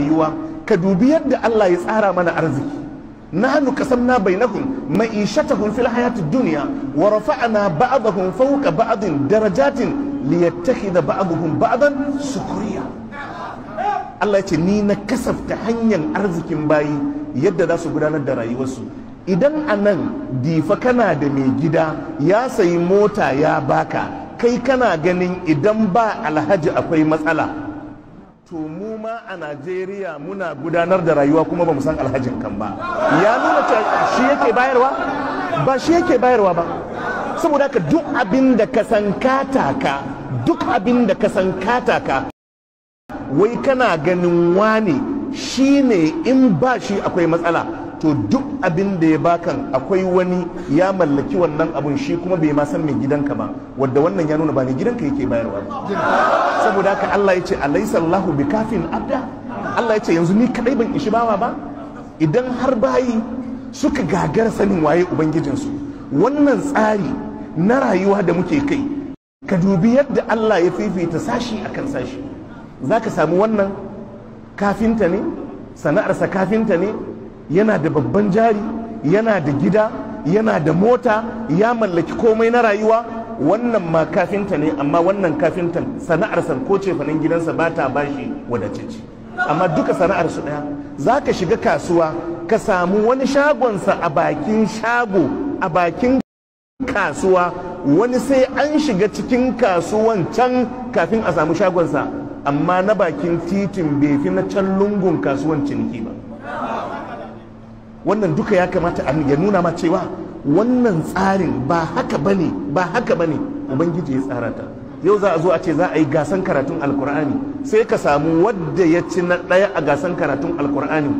yiwa ka dubi yadda Allah ya tsara mana arziki nahnu qasamna bainahum ma'ishatahum fil hayati dunya wa rafa'na ba'dahum fawqa ba'din darajatin liyattakhidha ba'dahum ba'dan sukriya Allah ya ce ni na kasafta hanyar arzikin bayi yadda za su gudanar da rayuwarsu idan a nan difa kana da mai gida ya sayi mota ya baka kai kana ganin idan ba alhaji akwai matsala to mu ma a najeriya muna gudanar da rayuwa kuma ba mu san alhajin kan ba ya nuna shi yake bayarwa ba shi yake bayarwa ba saboda ka duk abin da ka san kataka duk abin da ka san kataka wai kana ganin wane shi ne in ba shi akwai matsala to duk abin da ya bakan akwai wani ya mallaki wannan abun shi kuma bai ma san mai gidanka ba wadda wannan ya nuna ba mai gidanka yake bayarwa saboda haka Allah ya ce alaysa Allahu bikafin abda Allah ya ce yanzu ni kadai ban ishi bawa ba idan har bayi suka gagara sanin waye ubangijinsu wannan tsari na rayuwa da muke kai ka dubi yadda Allah ya fifita sashi akan sashi zaka samu wannan kafinta ne sana'arsa kafinta ne yana da babban jari yana da gida yana da mota ya mallaki komai na rayuwa wannan ma kafinta ne amma wannan kafintan sana'arsa ko cefanen gidansa ba ta bashi wadatacce amma duka sana'ar su ɗaya za ka shiga kasuwa ka samu wani shagonsa a bakin shago a bakin kasuwa wani sai an shiga cikin kasuwan can kafin a samu shagonsa amma na bakin titin bai fi na can lungun kasuwan ciniki ba wannan duka ya kamata ya nuna ma cewa wannan tsarin ba haka bane ba haka bane ubangiji ya tsara ta yau za a zo a ce za a yi gasan karatun alkur'ani sai ka samu wadda ya ci na ɗaya a gasan karatun alkur'ani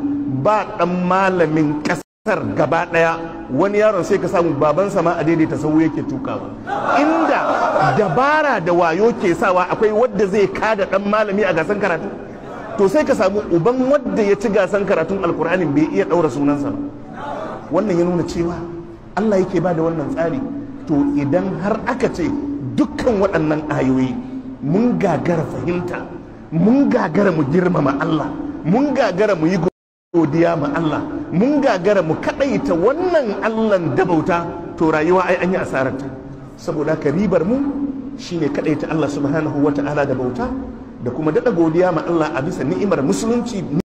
ba ɗan malamin ƙasar gaba ɗaya wani yaron sai ka samu babansa ma a daidaita sau yake tukawa inda dabara da wayo ke sawa akwai wadda zai kada ɗan malami a gasan karatu to sai ka samu uban wadda ya ci gasan karatun alkur'anin bai iya ɗaura sunansa ba wannan ya nuna cewa allah yake ba da wannan tsari to idan har aka ce dukkan waɗannan ayoyi mun gagara fahimta mun gagara mu girmama allah mun gagara mu yi godiya ma allah mun gagara mu kaɗaita wannan Allah'n da bauta to rayuwa ai an yi asararta saboda ka ribar mu shine kaɗaita allah subhanahu wa ta'ala da bauta da kuma daɗa godiya ma Allah a bisa ni'imar musulunci